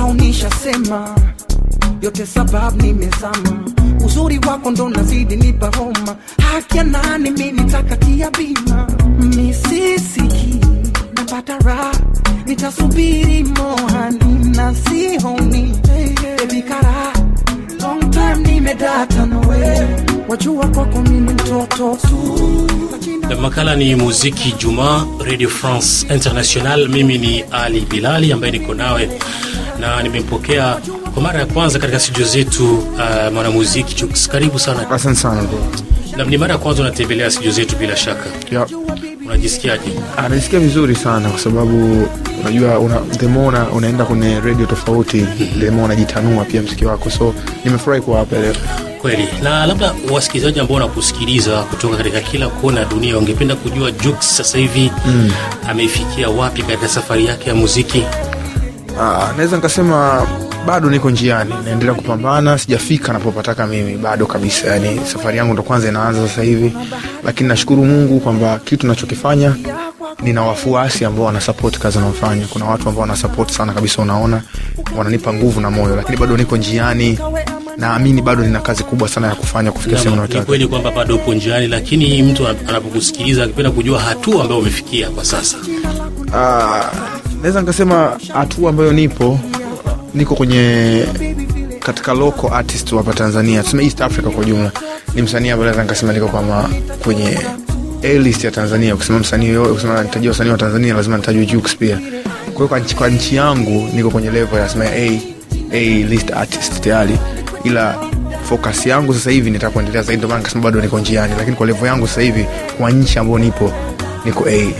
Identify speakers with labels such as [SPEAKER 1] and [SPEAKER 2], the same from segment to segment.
[SPEAKER 1] Lau nishasema yote sababu nimezama, uzuri wako ndo nazidi nipa homa, hakia ya nani mimi nitakatia bima, misisiki napata raha, nitasubiri mohani na sihoni baby kara long time nimedata nawe wajua kwako mini mtoto tu
[SPEAKER 2] na makala ni muziki juma Radio France International. Mimi ni Ali Bilali ambaye niko nawe na nimempokea kwa mara ya kwanza katika studio zetu. Uh, mwanamuziki Jux, karibu sana. Asante sana. Na ni mara ya kwanza unatembelea studio zetu bila shaka. Yep. Unajisikiaje?
[SPEAKER 3] Anajisikia ah, vizuri sana kwa sababu unajua una, the more unaenda kwenye radio tofauti mhm. the more unajitanua pia mziki wako, so nimefurahi kuwa hapa leo
[SPEAKER 2] kweli. Na labda wasikilizaji ambao wanakusikiliza kutoka katika kila kona ya dunia wangependa kujua Jux sasa hivi mm, amefikia wapi katika safari yake ya muziki?
[SPEAKER 3] Ah, naweza nikasema bado niko njiani, naendelea kupambana, sijafika napopataka mimi bado kabisa. Yani safari yangu ndo kwanza inaanza sasa hivi, lakini nashukuru Mungu kwamba kitu nachokifanya nina wafuasi ambao wanasapoti kazi naofanya. Kuna watu ambao wanasapoti sana kabisa, unaona wananipa nguvu na moyo, lakini bado niko njiani. Naamini bado nina kazi kubwa sana ya kufanya kufikia sehemu nataka. Ni kweli
[SPEAKER 2] kwamba bado upo njiani, lakini mtu anapokusikiliza akipenda kujua hatua ambayo umefikia kwa sasa. Ah, naweza
[SPEAKER 3] nikasema hatua ambayo nipo niko kwenye katika local artist hapa Tanzania, tuseme East Africa kwa jumla ni msanii ambaye naweza nikasema niko kama kwenye A list ya Tanzania. Ukisema msanii yoyote, ukisema nitajie wasanii wa Tanzania lazima nitajwe Jux pia. Kwa hiyo kwa nchi, kwa nchi yangu niko kwenye level ya sema A A list artist tayari, ila focus yangu sasa hivi nitaka kuendelea zaidi, ndio maana nikasema bado niko njiani, lakini kwa level yangu sasa hivi kwa nchi ambayo nipo niko A.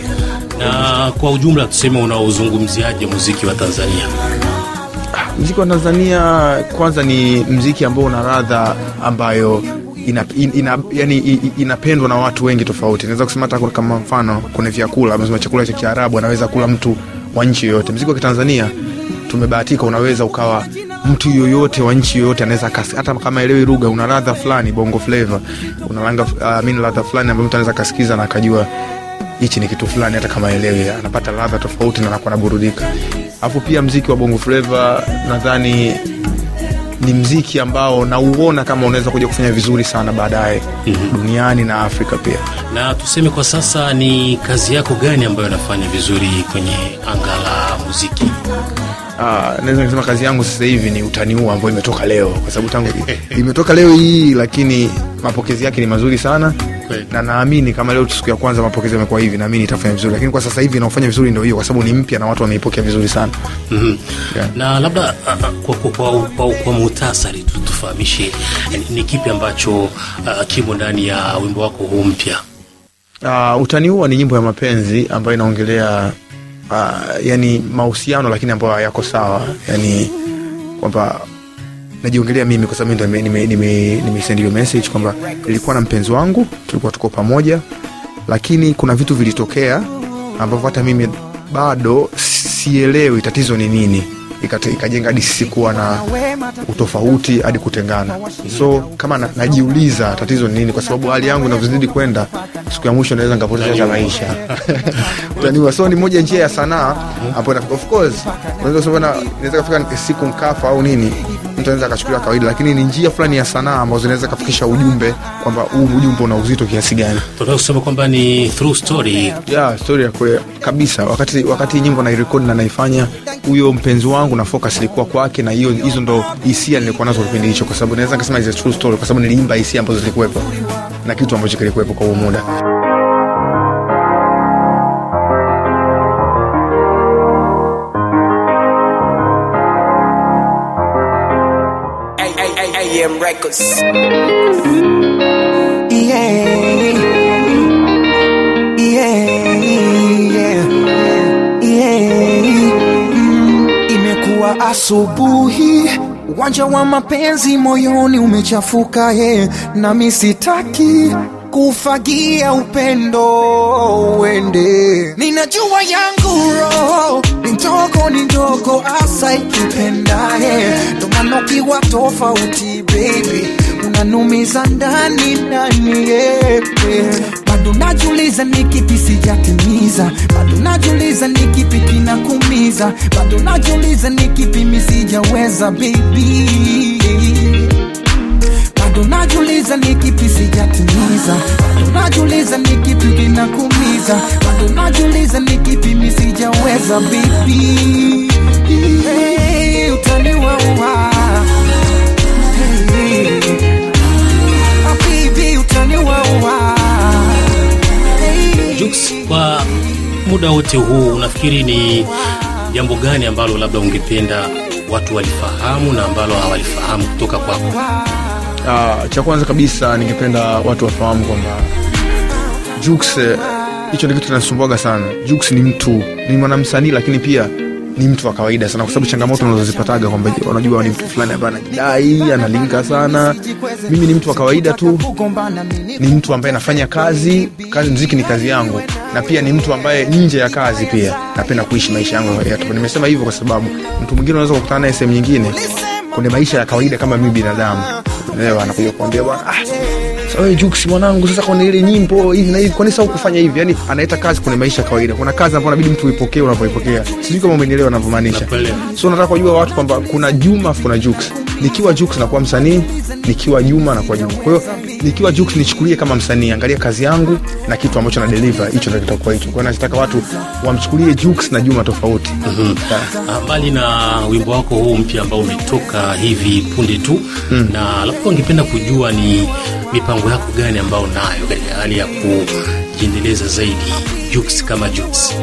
[SPEAKER 2] Na kwa ujumla tuseme, unaozungumziaje muziki wa Tanzania?
[SPEAKER 3] Ah, muziki wa Tanzania kwanza ni mziki ambao una radha ambayo ina, ina, yani, inapendwa na watu wengi tofauti. Naweza kusema hata kama mfano kuna vyakula, amesema chakula cha Kiarabu anaweza kula mtu wa nchi yoyote. Muziki wa Kitanzania tumebahatika, unaweza ukawa mtu yoyote wa nchi yoyote anaweza, hata kama elewi lugha, una ladha fulani, bongo flavor, una langa uh, ah, mini ladha fulani ambayo mtu anaweza kasikiza na akajua hichi ni kitu fulani, hata kama elewi, anapata ladha tofauti na anakuwa anaburudika. Alafu pia mziki wa bongo fleva nadhani ni mziki ambao nauona kama unaweza kuja kufanya vizuri sana baadaye mm -hmm. duniani na Afrika pia.
[SPEAKER 2] Na tuseme kwa sasa, ni kazi yako gani ambayo inafanya vizuri kwenye anga la muziki?
[SPEAKER 3] Ah, naweza kusema kazi yangu sasa hivi ni utaniua ambayo imetoka leo, kwa sababu tangu imetoka leo hii, lakini mapokezi yake ni mazuri sana na naamini kama leo siku ya kwanza mapokezi yamekuwa hivi, naamini itafanya vizuri, lakini kwa sasa hivi naofanya vizuri ndio hiyo, kwa sababu ni mpya na watu wameipokea vizuri sana mm-hmm. yeah.
[SPEAKER 2] na labda kwa, kwa, kwa, kwa, kwa muhtasari tu tufahamishe eh, ni kipi ambacho uh, kimo ndani ya wimbo wako huu mpya?
[SPEAKER 3] Uh, ah, utaniua ni nyimbo ya mapenzi ambayo inaongelea uh, yani mahusiano lakini ambayo yako sawa yani kwamba najiongelea mimi kwa sababu nime, nime, nime, message kwamba nilikuwa na mpenzi wangu tulikuwa tuko pamoja lakini kuna vitu vilitokea ambavyo hata mimi bado sielewi tatizo ni nini ikajenga hadi sisi kuwa na utofauti hadi kutengana. So kama na, najiuliza tatizo ni nini, kwa sababu hali yangu inavyozidi kwenda, siku ya mwisho naweza nikapoteza maisha utaniua. So ni moja njia ya sanaa ambayo of course unaweza kusema naweza kufika siku nkafa au nini mtu anaweza akachukulia kawaida, lakini ni njia fulani ya sanaa ambazo zinaweza kafikisha ujumbe kwamba huu ujumbe una uzito kiasi gani.
[SPEAKER 2] Tunataka kusema kwamba ni through story,
[SPEAKER 3] yeah, story ya kweli kabisa. Wakati wakati nyimbo nairekodi na naifanya, huyo mpenzi wangu na focus ilikuwa kwake, na hiyo hizo ndo hisia nilikuwa nazo kipindi hicho, kwa sababu naweza nikasema is a true story, kwa sababu niliimba hisia ambazo zilikuwepo na kitu ambacho kilikuwepo kwa huo muda.
[SPEAKER 1] BM Records. Yeah. Yeah. Yeah. Yeah. Mm. Imekuwa asubuhi uwanja wa mapenzi moyoni umechafuka ye na misitaki sitaki kufagia upendo uende, ninajua yangu roho kitoko ni ndogo asa ikipendaye, ndomana ukiwa tofauti baby, unanumiza ndani ndani yeah, yeah. Bado najuliza ni kipi sijatimiza, bado najuliza ni kipi kinakumiza, bado najuliza ni kipi misijaweza baby Najiuliza ni kipi sijatimiza, najiuliza ni kipi kinakumiza, najiuliza ni kipi mimi sijaweza. Bibi hey, utaniwaua
[SPEAKER 2] hey, bibi kwa muda wote huu unafikiri ni jambo gani ambalo labda ungependa watu walifahamu na ambalo hawalifahamu kutoka kwako? Uh, cha kwanza kabisa ningependa watu
[SPEAKER 3] wafahamu kwamba Jux, eh, hicho ni kitu kinasumbuaga sana. Jux ni mtu, ni mwanamsanii lakini pia ni mtu wa kawaida sana, kwa sababu changamoto unazozipataga kwamba unajua ni mtu fulani ambaye
[SPEAKER 1] anajidai
[SPEAKER 3] analinga sana. Mimi ni mtu wa kawaida tu, ni mtu ambaye nafanya kazi kazi, mziki ni kazi yangu, na pia ni mtu ambaye nje ya kazi pia napenda kuishi maisha yangu ya kawaida. Nimesema hivyo kwa sababu mtu mwingine unaweza kukutana naye sehemu nyingine kwenye maisha ya kawaida kama mimi binadamu wanakuja kuambia bwana, ah, wewe Jux mwanangu, sasa kuna ile nyimbo hivi na hivi, kwani sasa ukufanya hivi? Yani anaita kazi, kwenye maisha kawaida, kuna kazi ambayo inabidi mtu uipokee unapoipokea. Sijui kama umenielewa navyomaanisha So nataka kujua watu kwamba kuna Juma, kuna Jux nikiwa Jux nakuwa msanii, nikiwa Juma nakuwa Juma. Kwa hiyo nikiwa Jux nichukulie kama msanii, angalia kazi yangu na kitu ambacho na deliver hicho ndio kitakuwa hicho. Kwa hiyo nataka watu wamchukulie Jux na Juma tofauti. Mm
[SPEAKER 2] -hmm. Mbali na wimbo wako huu mpya ambao umetoka hivi punde tu mm. na labda ungependa kujua ni mipango yako gani ambayo nayo katika eh, hali ya kujiendeleza zaidi Jux kama Jux.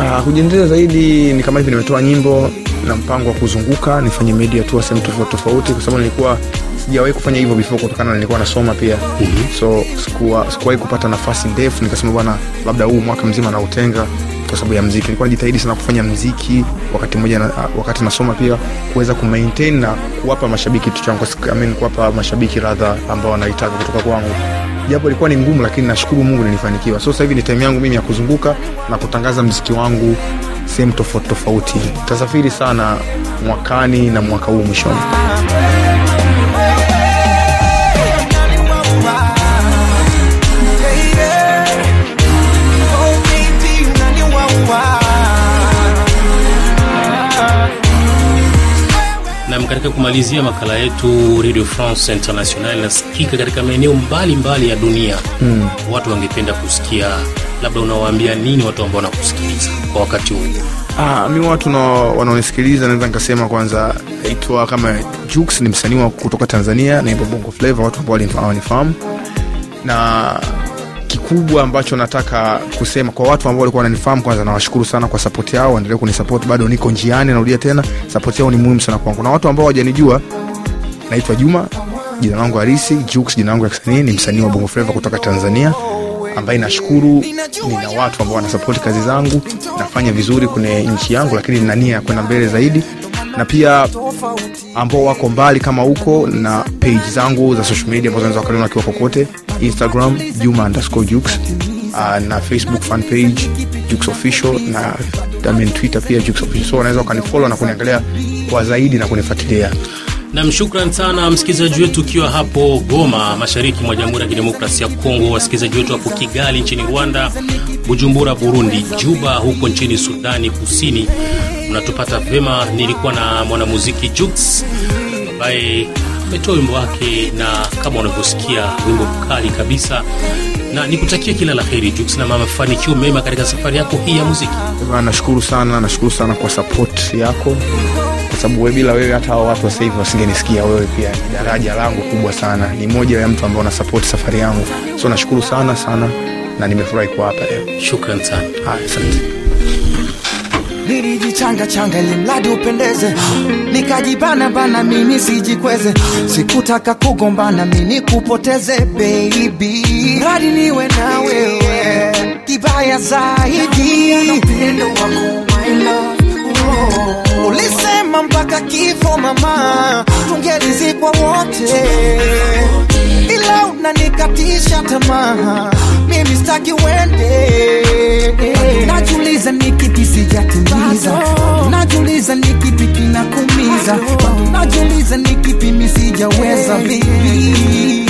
[SPEAKER 3] Ah, kujiendeleza zaidi ni kama hivi nimetoa nyimbo na mpango wa kuzunguka nifanye media tu sehemu tofauti tofauti, kwa sababu nilikuwa sijawahi kufanya hivyo before, kutokana na nilikuwa nasoma pia mm-hmm. so sikuwa sikuwahi kupata nafasi ndefu, nikasema bwana, labda huu mwaka mzima nautenga kwa sababu ya mziki. Nilikuwa najitahidi sana kufanya mziki wakati mmoja na, wakati nasoma pia kuweza kumaintain na kuwapa mashabiki kitu changu, I mean, kuwapa mashabiki radha ambao wanaitaka kutoka kwangu japo ilikuwa ni ngumu, lakini nashukuru Mungu nilifanikiwa. So sasa hivi ni time yangu mimi ya kuzunguka na kutangaza mziki wangu sehemu tofauti tofauti. tasafiri sana mwakani na mwaka huu mwishoni.
[SPEAKER 2] Nam, katika kumalizia makala yetu, Radio France International inasikika katika maeneo mbalimbali ya dunia mm. Watu wangependa kusikia, labda unawaambia nini watu ambao wanakusikiliza? kwa wakati huu?
[SPEAKER 3] Ah, mi watu wanaonisikiliza naweza nikasema kwanza naitwa kama Jux, ni msanii wa kutoka Tanzania naimba bongo flava, watu ambao wanifahamu, na kikubwa ambacho nataka kusema kwa watu ambao walikuwa wananifahamu, kwanza nawashukuru sana kwa sapoti yao, waendelee kunisapoti, bado niko njiani, narudia tena, sapoti yao ni muhimu sana kwangu. Na watu ambao hawajanijua, naitwa Juma, jina langu harisi Jux, jina langu ya kisanii, ni msanii wa bongo flava kutoka Tanzania ambaye nashukuru nina watu ambao wanasapoti kazi zangu, nafanya vizuri kwenye nchi yangu, lakini nina nia ya kwenda mbele zaidi, na pia ambao wako mbali kama huko, na page zangu za social media ambazo naweza wakaliona wakiwa kokote, Instagram Juma underscore Jux, uh, ah, na Facebook fan page Jux official na I mean, Twitter pia Jux official, so wanaweza wakanifollow na kuniangalia kwa zaidi na kunifuatilia.
[SPEAKER 2] Nam, shukran sana msikilizaji wetu ukiwa hapo Goma, mashariki mwa Jamhuri ya Kidemokrasia ya Kongo, wasikilizaji wetu hapo Kigali nchini Rwanda, Bujumbura Burundi, Juba huko nchini Sudani Kusini, mnatupata vema Nilikuwa na mwanamuziki Jux ambaye ametoa wimbo wake, na kama unavyosikia wimbo mkali kabisa, na nikutakia kila la heri Jux, na mafanikio mema katika safari yako hii ya muziki.
[SPEAKER 3] Nashukuru sana, nashukuru sana kwa support yako kwa sababu wewe, bila wewe, hata hao watu sasa hivi wasingenisikia. Wewe pia ni daraja langu kubwa sana, ni moja ya mtu ambao unasapoti safari yangu, so nashukuru sana sana na
[SPEAKER 2] nimefurahi kuwa hapa leo. Shukrani sana, haya asante.
[SPEAKER 1] Nilijichanga changa ili mradi upendeze, nikajibana bana, mimi sijikweze, sikutaka kugombana, mimi nikupoteze baby, mradi niwe na wewe, kibaya zaidi mpaka kifo mama, tungelizikwa wote, ila unanikatisha tamaa, mimi sitaki wende. Najuliza ni kipi sijatimiza, najuliza ni kipi kinakumiza, najuliza ni kipi misijaweza vipi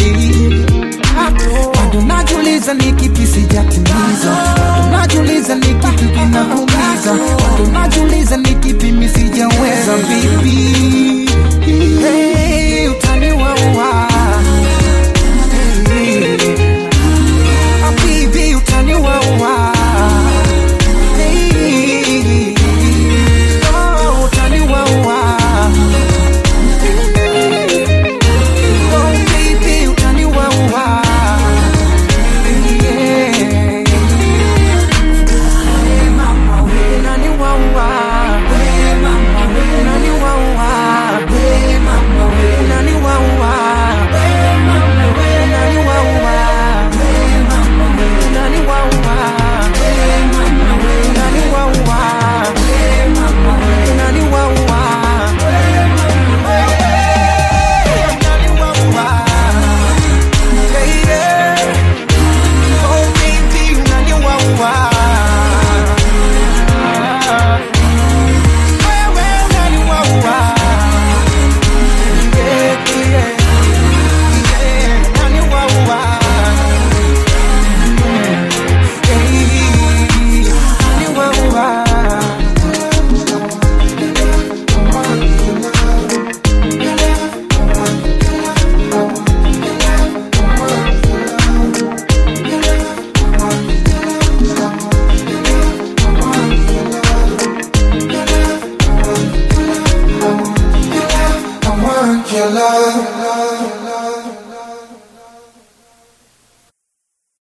[SPEAKER 1] Najiuliza ni kipi sijatimiza, najiuliza ni kipi kinaumiza, najiuliza ni kipi misijaweza vipi, hey,